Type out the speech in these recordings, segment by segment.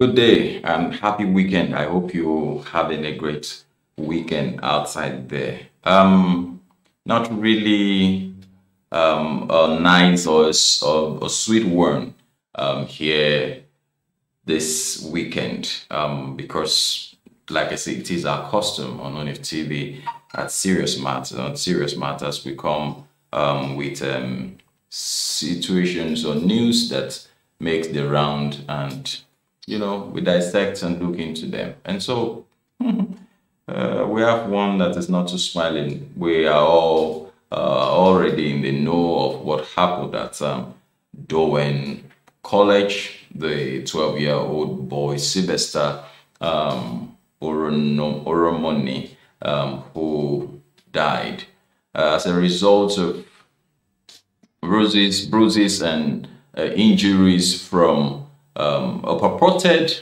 Good day and happy weekend. I hope you're having a great weekend outside there. Um, not really um, a nice or a, or a sweet one um, here this weekend um, because, like I said, it is our custom on on TV at Serious Matters. On Serious Matters, we come um, with um, situations or news that makes the round and you know, we dissect and look into them. And so uh, we have one that is not too smiling. We are all uh, already in the know of what happened at um, Darwin College. The 12 year old boy, Sylvester um, Oromoni, um, who died uh, as a result of bruises, bruises and uh, injuries from um, a purported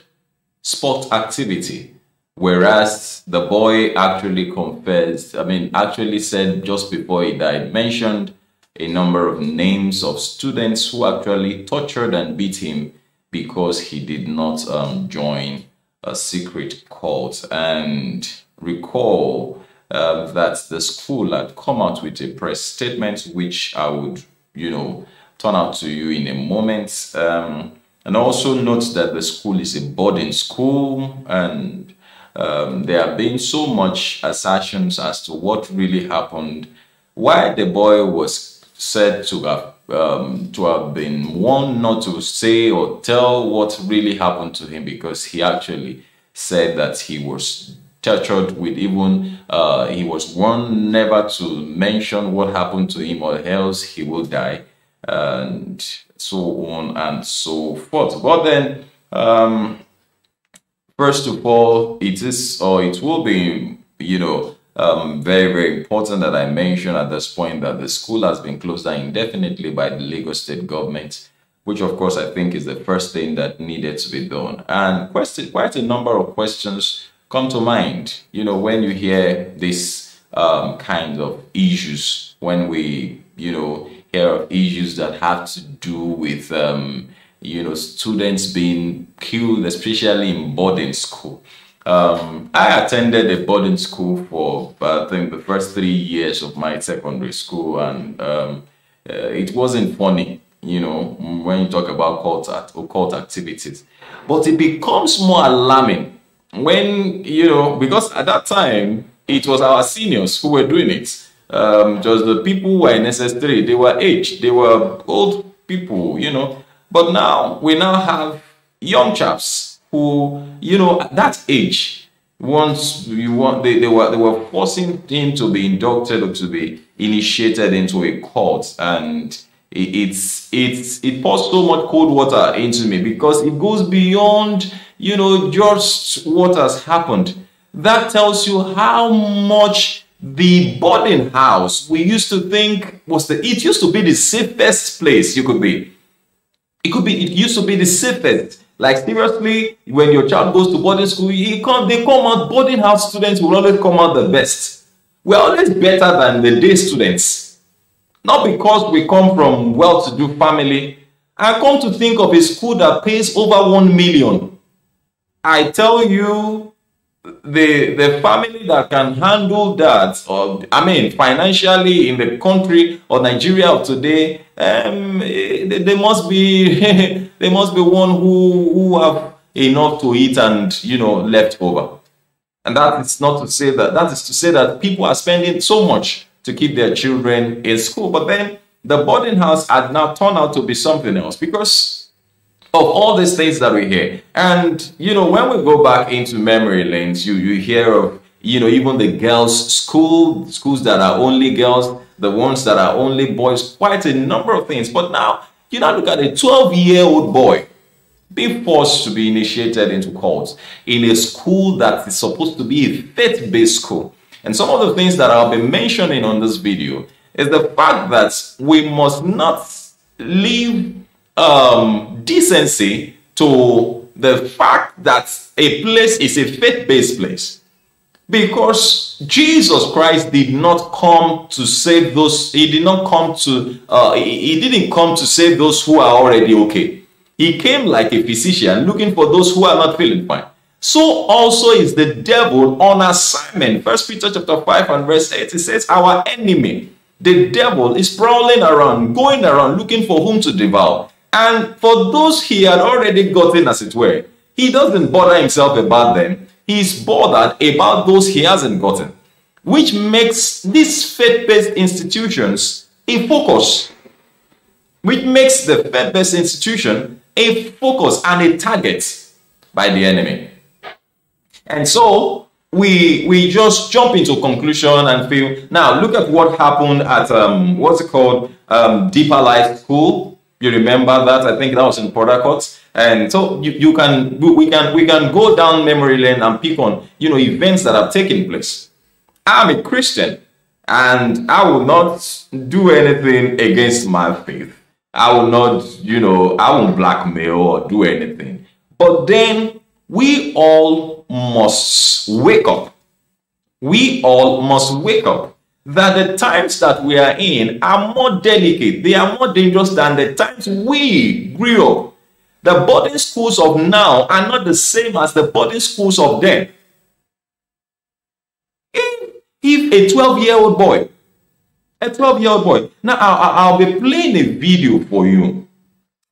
sport activity, whereas the boy actually confessed, I mean, actually said just before he died, mentioned a number of names of students who actually tortured and beat him because he did not um, join a secret cult. And recall uh, that the school had come out with a press statement, which I would, you know, turn out to you in a moment. Um, and also note that the school is a boarding school and um, there have been so much assertions as to what really happened, why the boy was said to have um, to have been warned not to say or tell what really happened to him because he actually said that he was tortured with even uh, he was warned never to mention what happened to him or else he will die and so on and so forth. But then, um, first of all, it is or it will be, you know, um, very, very important that I mention at this point that the school has been closed down indefinitely by the Lagos state government, which of course I think is the first thing that needed to be done. And question, quite a number of questions come to mind, you know, when you hear this um, kind of issues, when we, you know, uh, issues that have to do with um, you know students being killed, especially in boarding school. Um, I attended a boarding school for I think the first three years of my secondary school, and um, uh, it wasn't funny, you know, when you talk about cult act, occult activities. But it becomes more alarming when you know because at that time it was our seniors who were doing it um, just the people were in SS3, they were aged, they were old people, you know. But now we now have young chaps who, you know, at that age, once you want they, they were they were forcing him to be inducted or to be initiated into a cult and it, it's it's it pours so much cold water into me because it goes beyond you know just what has happened that tells you how much the boarding house we used to think was the it used to be the safest place you could be it could be it used to be the safest like seriously when your child goes to boarding school he they come out boarding house students will always come out the best we're always better than the day students not because we come from well-to-do family i come to think of a school that pays over one million i tell you the the family that can handle that or i mean financially in the country or nigeria of today um eh, they, they must be they must be one who who have enough to eat and you know left over and that is not to say that that is to say that people are spending so much to keep their children in school but then the boarding house had now turned out to be something else because of all these things that we hear. And, you know, when we go back into memory lanes, you, you hear of, you know, even the girls' school, schools that are only girls, the ones that are only boys, quite a number of things. But now, you now look at a 12 year old boy be forced to be initiated into cults in a school that is supposed to be a faith based school. And some of the things that I'll be mentioning on this video is the fact that we must not leave um, decency to the fact that a place is a faith based place. Because Jesus Christ did not come to save those, he did not come to, uh, he didn't come to save those who are already okay. He came like a physician looking for those who are not feeling fine. So also is the devil on assignment. First Peter chapter 5 and verse 8, it says, Our enemy, the devil, is prowling around, going around looking for whom to devour. And for those he had already gotten, as it were, he doesn't bother himself about them. He's bothered about those he hasn't gotten, which makes these faith based institutions a focus, which makes the faith based institution a focus and a target by the enemy. And so we we just jump into conclusion and feel now look at what happened at um, what's it called um, deeper life school you remember that? I think that was in Podakot. And so you, you can we can we can go down memory lane and pick on you know events that have taken place. I'm a Christian and I will not do anything against my faith. I will not, you know, I won't blackmail or do anything. But then we all must wake up. We all must wake up that the times that we are in are more delicate, they are more dangerous than the times we grew up. The boarding schools of now are not the same as the boarding schools of then. If, a 12 year old boy, a 12 year old boy, now I'll, I'll, be playing a video for you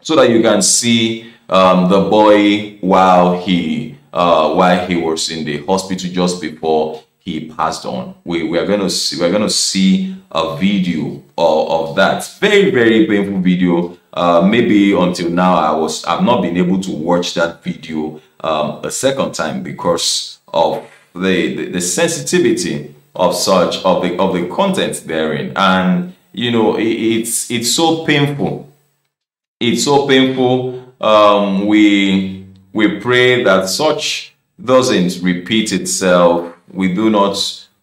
so that you can see um, the boy while he uh, while he was in the hospital just before he passed on. We, we are going to see, we're going to see a video of, of that very, very painful video. Uh, maybe until now, I was, I've not been able to watch that video um, a second time because of the, the, the sensitivity of such, of the, of the content therein. And, you know, it, it's, it's so painful. It's so painful. Um, we, we pray that such doesn't repeat itself we do not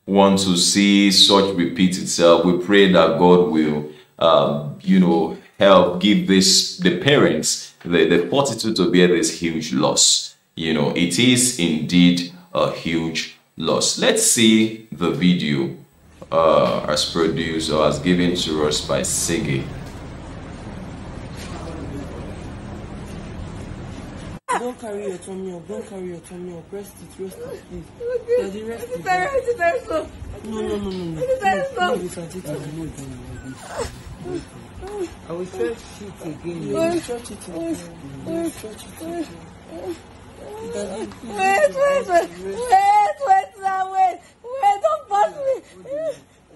want to see such repeat itself. We pray that God will, um, you know, help give this the parents the, the fortitude to bear this huge loss. You know, it is indeed a huge loss. Let's see the video uh, as produced or as given to us by Sigi. Don't carry your tummy up Don't carry your tummy up rest it rest it please daddy rest it rest it rest it. slow no no no no no it is very slow it is very i will stretch it again I will stretch it again you will stretch it again daddy wait wait wait wait wait wait wait don pass me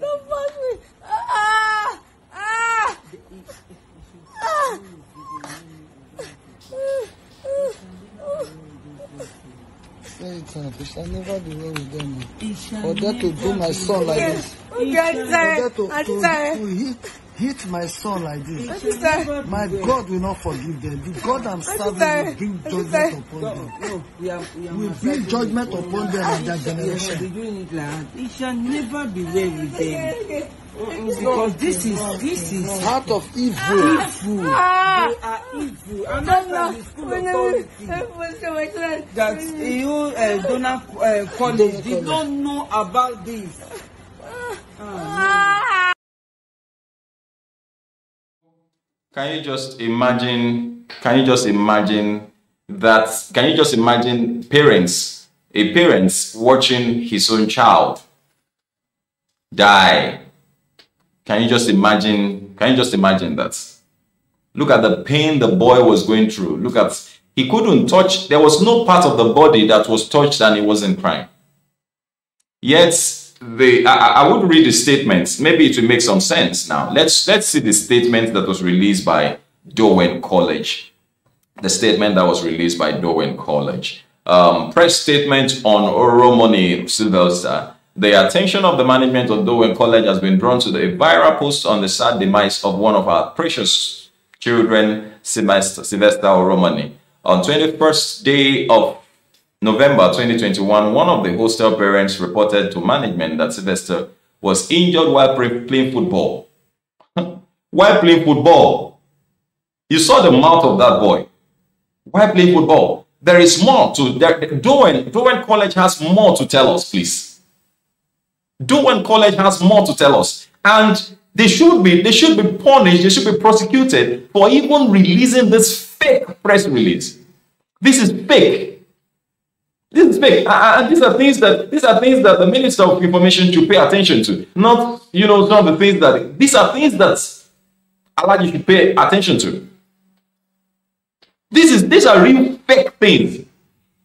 Don't pass me ah ah ah. It's I never do well with them. For that to do my son like this. for Okay, to, to, to hit, hit my son like this. My God will not forgive them. The God I'm serving will bring judgment upon them. Will bring judgment upon them in their generation. It shall never be well with them. because this is this is heart of evil. Evil. Ah. They are ah. evil. And that's why the school authority that you uh, don't have, uh, college do not know about this. Ah. Can you just imagine? Can you just imagine that? Can you just imagine parents, a parents watching his own child die can you just imagine? Can you just imagine that? Look at the pain the boy was going through. Look at he couldn't touch, there was no part of the body that was touched and he wasn't crying. Yet the I, I would read the statements. Maybe it will make some sense now. Let's let's see the statement that was released by Darwin College. The statement that was released by Darwin College. Um, press statement on Romani Sylvester the attention of the management of Dowen College has been drawn to the viral post on the sad demise of one of our precious children, Sylvester Romani. On 21st day of November 2021, one of the hostel parents reported to management that Sylvester was injured while playing football. while playing football? You saw the mouth of that boy. Why play football? There is more to... Dowen, Dowen College has more to tell us, please. Dowen College has more to tell us. And they should be they should be punished, they should be prosecuted for even releasing this fake press release. This is fake. This is fake. And these are things that these are things that the Minister of Information should pay attention to. Not, you know, some of the things that these are things that Allah you should pay attention to. This is these are real fake things.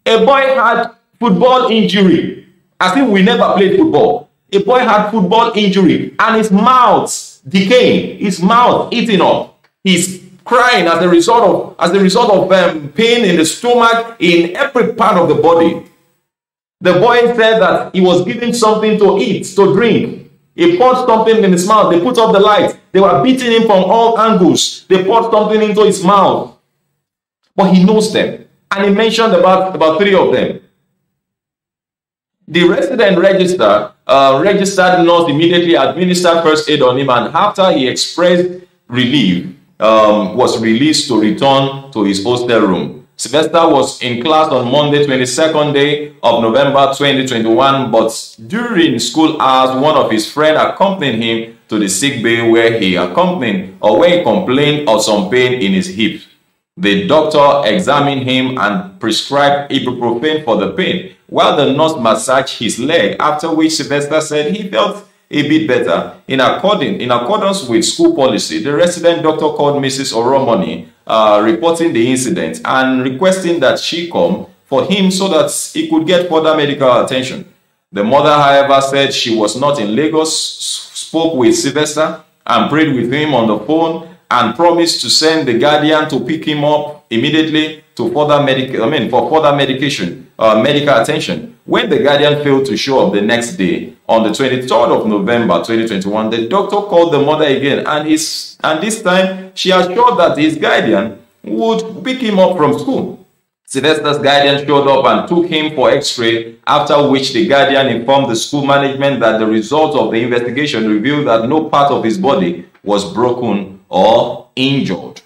A boy had football injury as if we never played football. A boy had football injury and his mouth decaying, his mouth eating up. He's crying as a result of as a result of um, pain in the stomach in every part of the body. The boy said that he was given something to eat, to drink. He poured something in his mouth. They put up the light. They were beating him from all angles. They poured something into his mouth. But he knows them. And he mentioned about, about three of them. The resident register uh, registered nurse immediately administered first aid on him, and after he expressed relief, um, was released to return to his hostel room. Sylvester was in class on Monday, 22nd day of November 2021, but during school hours, one of his friends accompanied him to the sick bay where he accompanied or where he complained of some pain in his hip. The doctor examined him and prescribed ibuprofen for the pain while the nurse massaged his leg, after which Sylvester said he felt a bit better. In, according, in accordance with school policy, the resident doctor called Mrs. Oromoni, uh, reporting the incident and requesting that she come for him so that he could get further medical attention. The mother, however, said she was not in Lagos, spoke with Sylvester and prayed with him on the phone and promised to send the guardian to pick him up immediately to further medic I mean, for further medication uh, medical attention. When the guardian failed to show up the next day, on the 23rd of November 2021, the doctor called the mother again and, his and this time she assured that his guardian would pick him up from school. Sylvester's guardian showed up and took him for x-ray, after which the guardian informed the school management that the result of the investigation revealed that no part of his body was broken or injured.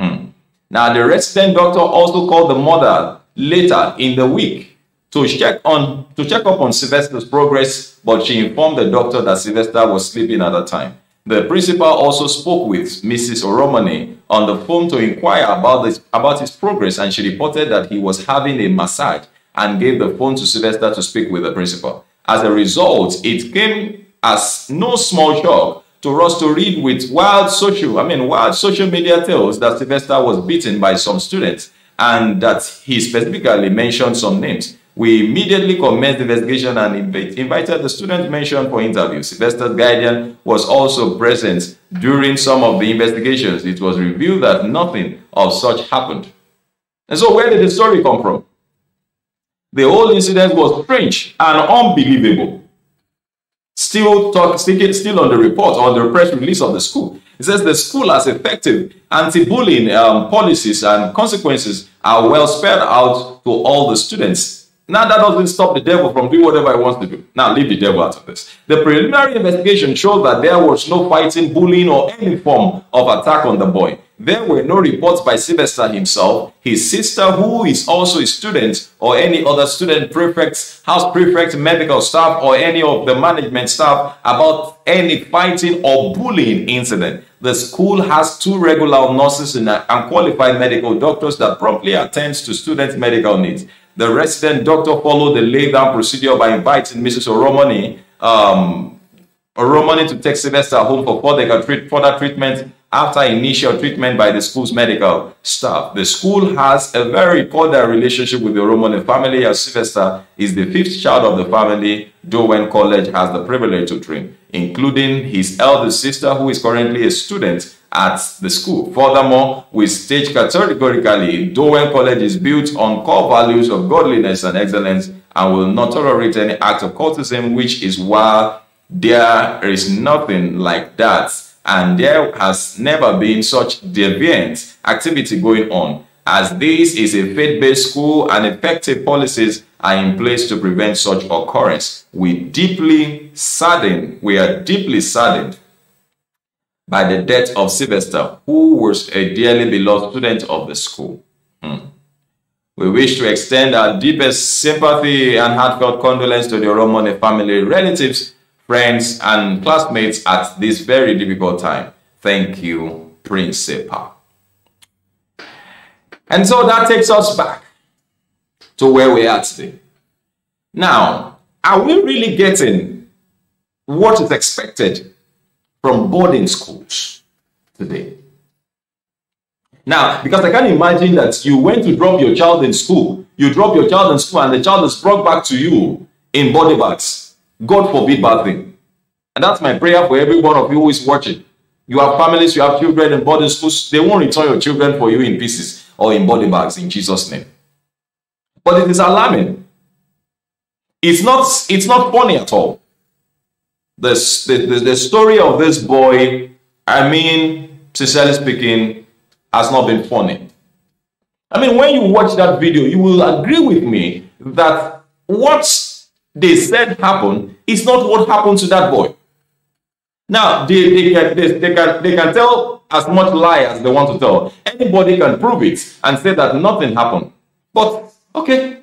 Hmm. Now, the resident doctor also called the mother later in the week to check on to check up on Sylvester's progress, but she informed the doctor that Sylvester was sleeping at the time. The principal also spoke with Mrs. Oromani on the phone to inquire about, this, about his progress, and she reported that he was having a massage and gave the phone to Sylvester to speak with the principal. As a result, it came as no small shock to us to read with wild social, I mean, wild social media tales that Sylvester was beaten by some students and that he specifically mentioned some names. We immediately commenced the investigation and invited the students mentioned for interviews. Sylvester Guardian was also present during some of the investigations. It was revealed that nothing of such happened. And so where did the story come from? The whole incident was strange and unbelievable. Still, talk, still, still on the report, on the press release of the school, it says the school has effective anti-bullying um, policies and consequences are well spelled out to all the students. Now that doesn't stop the devil from doing whatever he wants to do. Now leave the devil out of this. The preliminary investigation showed that there was no fighting, bullying, or any form of attack on the boy. There were no reports by Sylvester himself, his sister, who is also a student, or any other student prefects, house prefect, medical staff, or any of the management staff about any fighting or bullying incident. The school has two regular nurses and uh, qualified medical doctors that promptly attend to students' medical needs. The resident doctor followed the laid-down procedure by inviting Mrs. Romani, um, to take Sylvester home for further treatment after initial treatment by the school's medical staff. The school has a very cordial relationship with the Romani family as Sylvester is the fifth child of the family, Dowen College has the privilege to train, including his elder sister who is currently a student at the school. Furthermore, we state categorically, Dowen College is built on core values of godliness and excellence and will not tolerate any act of cultism, which is why there is nothing like that and there has never been such deviant activity going on as this is a faith-based school and effective policies are in place to prevent such occurrence. We deeply saddened, we are deeply saddened by the death of Sylvester, who was a dearly beloved student of the school. Mm. We wish to extend our deepest sympathy and heartfelt condolence to the Romani family relatives friends, and classmates at this very difficult time. Thank you, Principal. And so that takes us back to where we are today. Now, are we really getting what is expected from boarding schools today? Now, because I can imagine that you went to drop your child in school, you drop your child in school, and the child is brought back to you in body bags God forbid bad thing. And that's my prayer for every one of you who is watching. You have families, you have children in boarding schools. They won't return your children for you in pieces or in body bags in Jesus' name. But it is alarming. It's not, it's not funny at all. The, the, the story of this boy, I mean, sincerely speaking, has not been funny. I mean, when you watch that video, you will agree with me that what they said happened is not what happened to that boy. Now, they, they, can, they, they, can, they can tell as much lie as they want to tell. Anybody can prove it and say that nothing happened. But, okay,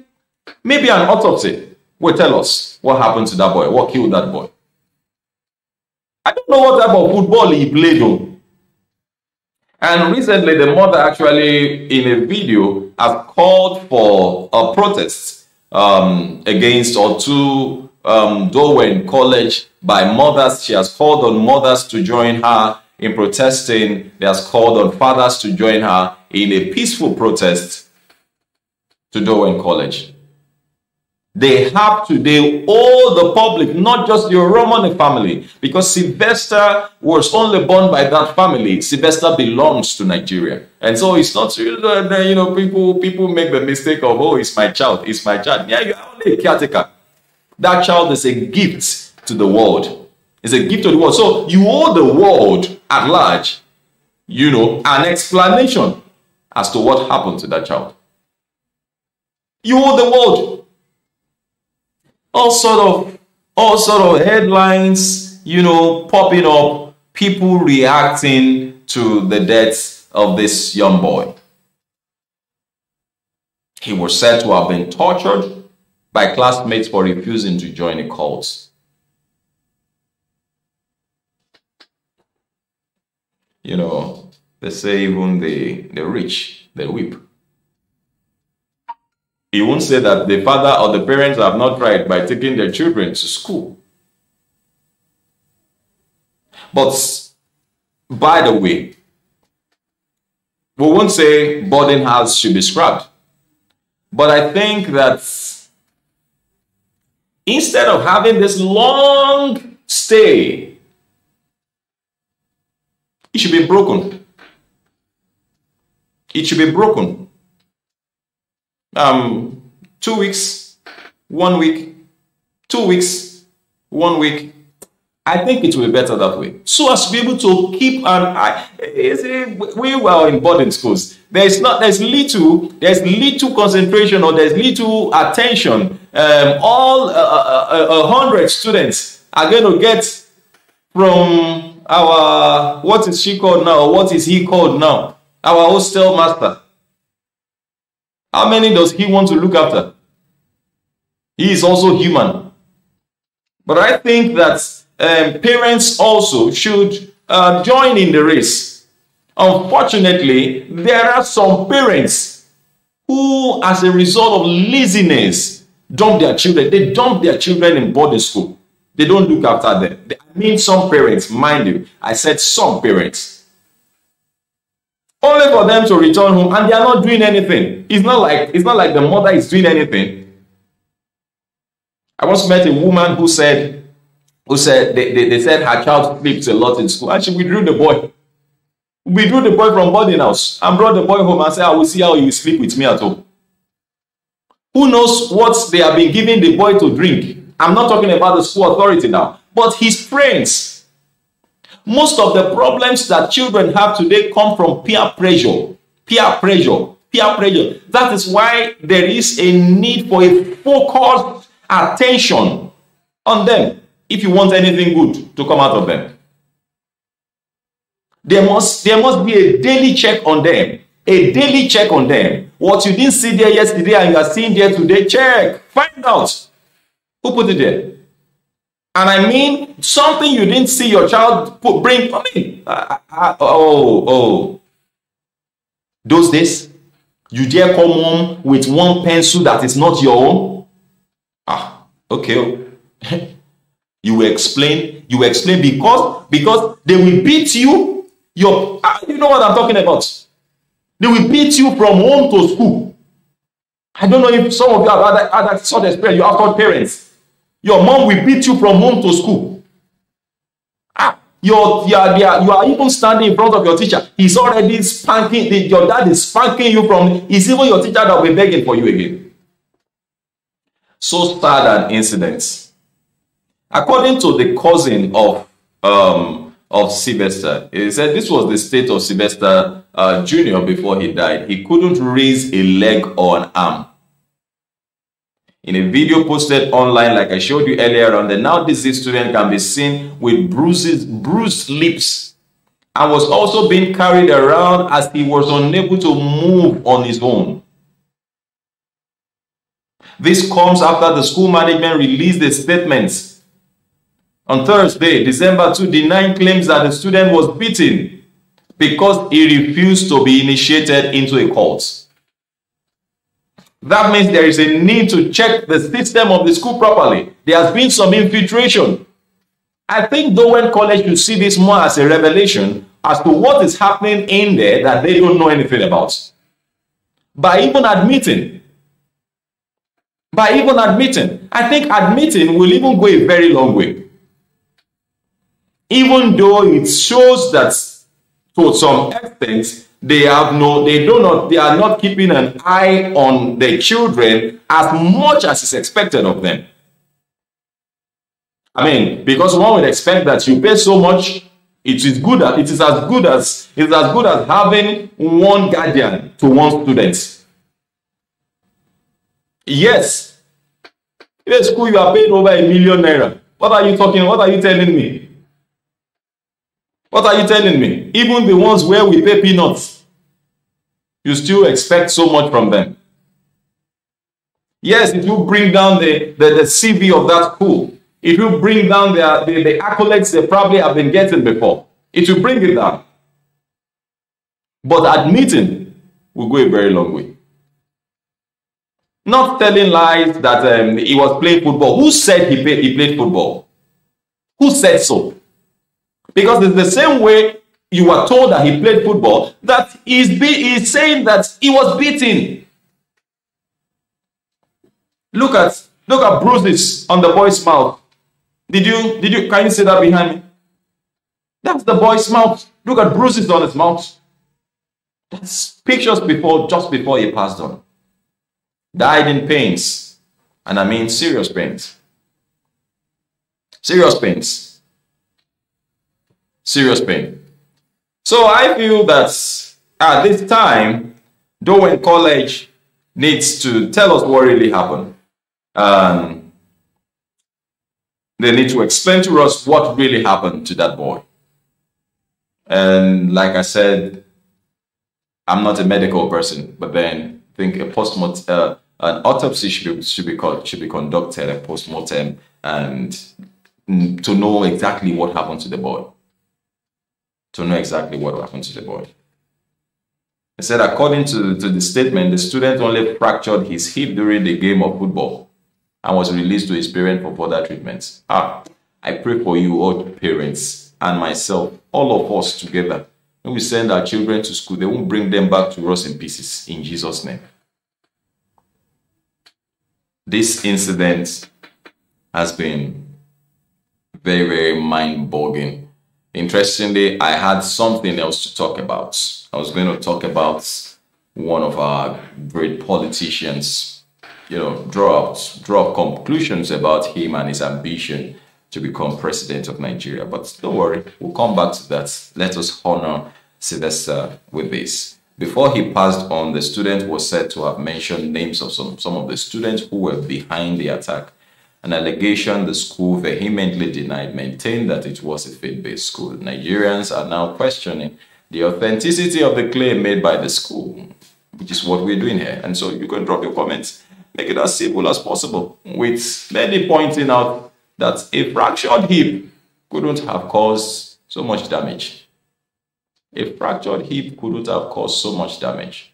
maybe an autopsy will tell us what happened to that boy, what killed that boy. I don't know what type of football he played on. And recently, the mother actually, in a video, has called for a protest um, against or to um, Dowen College by mothers. She has called on mothers to join her in protesting. She has called on fathers to join her in a peaceful protest to Dowen College. They have today all the public, not just your Roman family, because Sylvester was only born by that family. Sylvester belongs to Nigeria. And so it's not, you know, people, people make the mistake of, oh, it's my child, it's my child. Yeah, you're only a caretaker. That child is a gift to the world. It's a gift to the world. So you owe the world at large, you know, an explanation as to what happened to that child. You owe the world all sort of all sort of headlines, you know, popping up, people reacting to the death of this young boy. He was said to have been tortured by classmates for refusing to join a cult. You know, they say even the, the rich, they weep. He won't say that the father or the parents have not tried by taking their children to school. But by the way, we won't say boarding house should be scrapped. But I think that instead of having this long stay, it should be broken. It should be broken um, two weeks, one week, two weeks, one week. I think it will be better that way. So as to be able to keep an eye. We were in boarding schools. There's not there's little there's little concentration or there's little attention. Um, all a uh, uh, uh, hundred students are going to get from our what is she called now? What is he called now? Our hostel master how many does he want to look after? He is also human. But I think that um, parents also should uh, join in the race. Unfortunately, there are some parents who, as a result of laziness, dump their children. They dump their children in boarding school. They don't look after them. I mean, some parents, mind you, I said some parents only for them to return home and they are not doing anything. It's not like it's not like the mother is doing anything. I once met a woman who said, who said they, they, they said her child sleeps a lot in school and she withdrew the boy. Withdrew the boy from boarding house and brought the boy home and said, I will see how you sleep with me at home. Who knows what they have been giving the boy to drink? I'm not talking about the school authority now, but his friends most of the problems that children have today come from peer pressure. Peer pressure. Peer pressure. That is why there is a need for a focused attention on them if you want anything good to come out of them. There must, there must be a daily check on them. A daily check on them. What you didn't see there yesterday and you are seeing there today, check. Find out. Who put it there? And I mean something you didn't see your child put, bring for me. Uh, uh, oh, oh. Those days, you dare come home with one pencil that is not your own? Ah, okay. Oh. you will explain. You will explain because because they will beat you. Your uh, you know what I'm talking about. They will beat you from home to school. I don't know if some of you have other had that sort of experience. You have taught parents. Your mom will beat you from home to school. Ah, you're, you're, you're, even standing in front of your teacher. He's already spanking, the, your dad is spanking you from, it's even your teacher that will be begging for you again. So sad an incident. According to the cousin of um, of Sylvester, he said this was the state of Sylvester uh, Jr. before he died. He couldn't raise a leg or an arm in a video posted online like I showed you earlier on, the now deceased student can be seen with bruises, bruised lips and was also being carried around as he was unable to move on his own. This comes after the school management released a statement on Thursday, December 2, denying claims that the student was beaten because he refused to be initiated into a cult. That means there is a need to check the system of the school properly. There has been some infiltration. I think though college should see this more as a revelation as to what is happening in there that they don't know anything about. By even admitting, by even admitting, I think admitting will even go a very long way. Even though it shows that to some extent they have no they do not they are not keeping an eye on their children as much as is expected of them i mean because one would expect that you pay so much it is good as, it is as good as it is as good as having one guardian to one student yes in a school you are paying over a million naira what are you talking what are you telling me What are you telling me? Even the ones where we pay peanuts, you still expect so much from them. Yes, it will bring down the, the, the CV of that school. It will bring down the, the accolades they probably have been getting before. It will bring it down. But admitting will go a very long way. Not telling lies that um, he was playing football. Who said he, played, he played football? Who said so? Because it's the same way you were told that he played football, that he's, be- he's saying that he was beaten. Look at look at bruises on the boy's mouth. Did you did you can you see that behind me? That's the boy's mouth. Look at bruises on his mouth. That's pictures before just before he passed on. Died in pains, and I mean serious pains. Serious pains serious pain. So I feel that at this time, Darwin College needs to tell us what really happened. Um, they need to explain to us what really happened to that boy. And like I said, I'm not a medical person, but then I think a post uh, an autopsy should be should be called, should be conducted, a post mortem, and to know exactly what happened to the boy to know exactly what happened to the boy. He said, according to, to the statement, the student only fractured his hip during the game of football and was released to his parents for further treatment. Ah, I pray for you all parents and myself, all of us together. When we send our children to school, they won't bring them back to us in pieces in Jesus' name. This incident has been very, very mind-boggling Interestingly, I had something else to talk about. I was going to talk about one of our great politicians, you know, draw out, draw up conclusions about him and his ambition to become president of Nigeria. But don't worry, we'll come back to that. Let us honor Sylvester with this. Before he passed on, the student was said to have mentioned names of some, some of the students who were behind the attack an allegation the school vehemently denied, maintained that it was a faith based school. Nigerians are now questioning the authenticity of the claim made by the school, which is what we're doing here. And so you can drop your comments, make it as simple as possible, with many pointing out that a fractured hip couldn't have caused so much damage. A fractured hip couldn't have caused so much damage.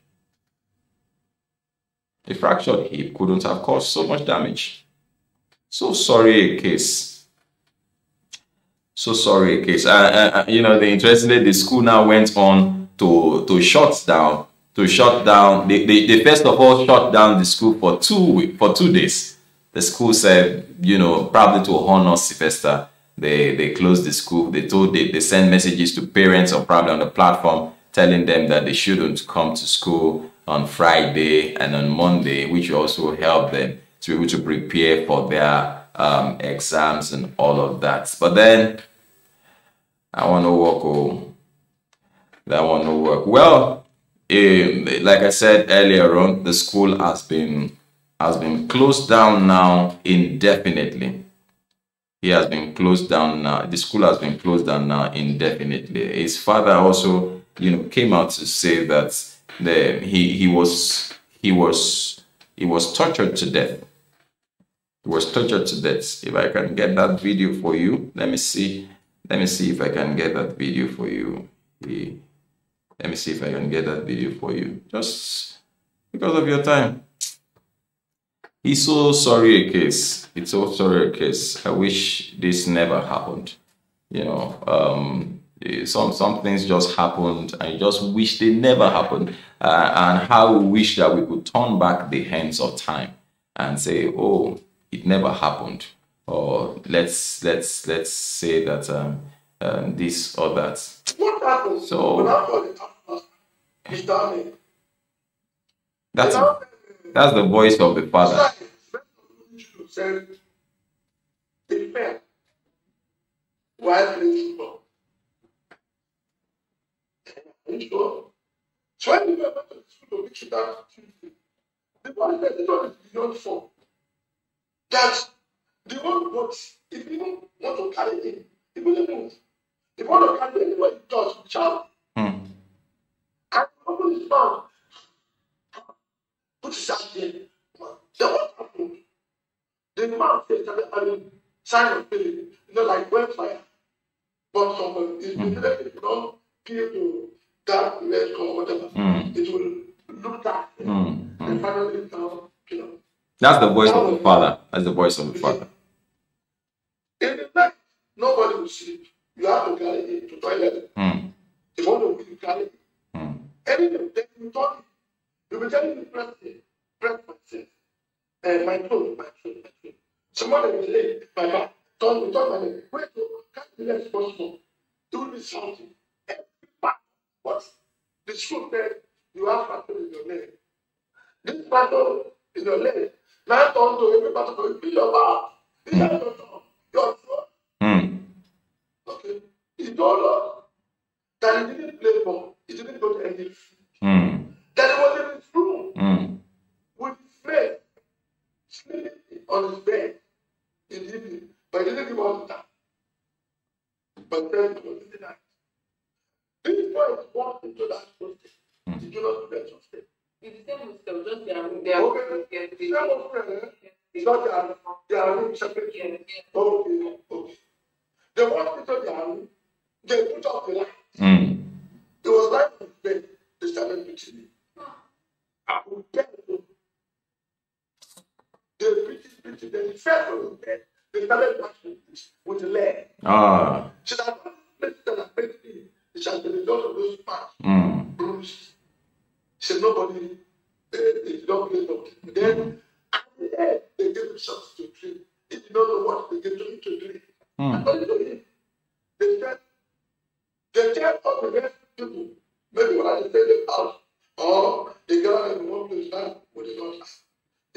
A fractured hip couldn't have caused so much damage. So sorry a case. So sorry a case. Uh, uh, you know, the interestingly, the school now went on to to shut down. To shut down, they, they, they first of all shut down the school for two for two days. The school said, you know, probably to honor Sylvester, they they closed the school. They told they, they sent messages to parents or probably on the platform telling them that they shouldn't come to school on Friday and on Monday, which also helped them to be able to prepare for their um, exams and all of that. But then I want to work. Oh, that want to work. Well, um, like I said earlier on, the school has been has been closed down now indefinitely. He has been closed down now. The school has been closed down now indefinitely. His father also, you know, came out to say that the, um, he he was he was he was tortured to death was tortured to death. If I can get that video for you, let me see. Let me see if I can get that video for you. Let me see if I can get that video for you. Just because of your time. It's so sorry a case. It's so sorry a case. I wish this never happened. You know, um, some some things just happened, and just wish they never happened. Uh, and how we wish that we could turn back the hands of time and say, "Oh, it never happened or let's let's let's say that um, um, this or that what happened so done it that's that's the voice of the father the beyond form. that the old boats, if you want to carry it, hmm. it will move. the you want carry it anywhere, it does. Shout. Mm. And open his mouth, put his hand in. Then what happened? The man said, I mean, Simon Philip, you know, like when fire burns someone, it's mm. like it don't appear to that red or whatever. Mm. It will look that, Mm. And finally, down. That's the voice of the father. That's the voice of the father. In the night, nobody will sleep. You have to carry it to toilet. Mm. The one will carry it. Mm. Anyway, they will talk. You'll tell telling me, press it, press myself. Uh, my throat, eh, my throat, my throat. Somebody will lay my back. Turn me, turn my leg. Wait, I can't be less possible. Do this something. Every back. What's the truth eh, you have battle in your leg? This battle in your leg now turn to every part of it. Be your mouth. Be your tongue. Your throat. Mm. Okay. He told us that he didn't play ball. He didn't go to any Mm. That he was in his room mm. with his sleeping on his bed.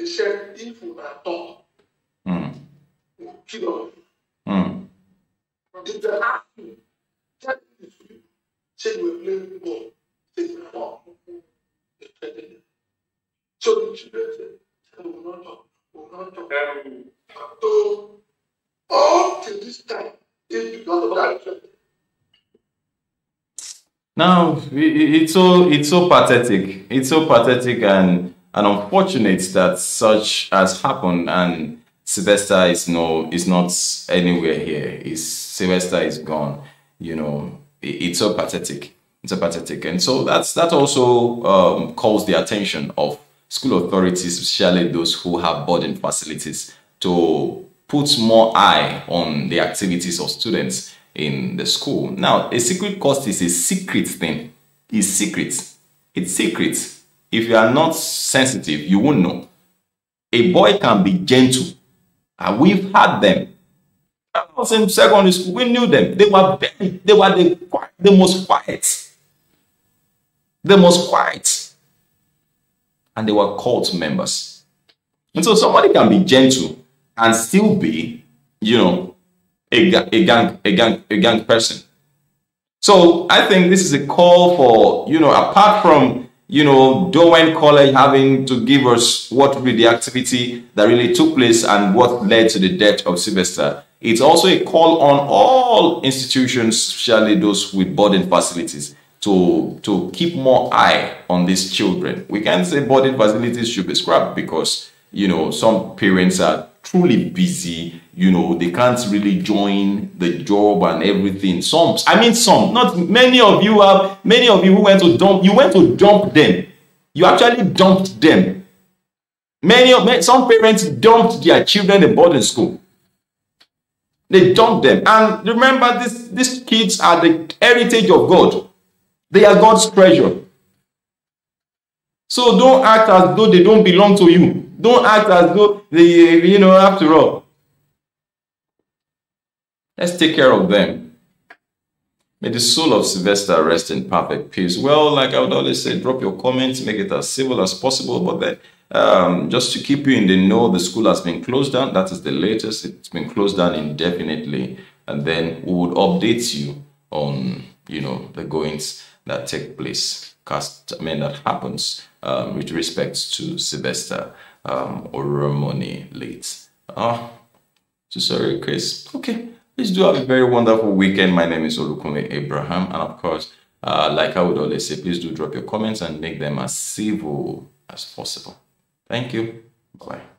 He said, if we are taught, mm. kill us. Mm. If they ask you, tell me if you say you were playing say you are not. So the children said, we will not talk. Now it's so it's so pathetic. It's so pathetic and and unfortunate that such has happened and Sylvester is no is not anywhere here. Is Sylvester is gone. You know, it, it's so pathetic. It's so pathetic, and so that's that also um, calls the attention of school authorities, especially those who have boarding facilities, to put more eye on the activities of students in the school. Now, a secret cost is a secret thing. It's secret. It's secret if you are not sensitive, you won't know. A boy can be gentle. And we've had them. I was in secondary school. We knew them. They were very, they were the, the most quiet. The most quiet. And they were cult members. And so somebody can be gentle and still be, you know, a, a gang, a gang, a gang person. So I think this is a call for, you know, apart from you know, Dowen College having to give us what would be the activity that really took place and what led to the death of Sylvester. It's also a call on all institutions, especially those with boarding facilities, to, to keep more eye on these children. We can't say boarding facilities should be scrapped because, you know, some parents are truly busy you know they can't really join the job and everything some i mean some not many of you have many of you who went to dump you went to dump them you actually dumped them many of some parents dumped their children in boarding school they dumped them and remember this these kids are the heritage of god they are god's treasure so don't act as though they don't belong to you don't act as though they you know after all Let's take care of them. May the soul of Sylvester rest in perfect peace. Well, like I would always say, drop your comments, make it as civil as possible. But then, um, just to keep you in the know, the school has been closed down. That is the latest. It's been closed down indefinitely. And then we would update you on, you know, the goings that take place, cast, I mean, that happens um, with respect to Sylvester um, or Romani late. Ah, oh, so sorry, Chris. Okay. Please do have a very wonderful weekend. My name is Olukunle Abraham. And of course, uh, like I would always say, please do drop your comments and make them as civil as possible. Thank you. Bye.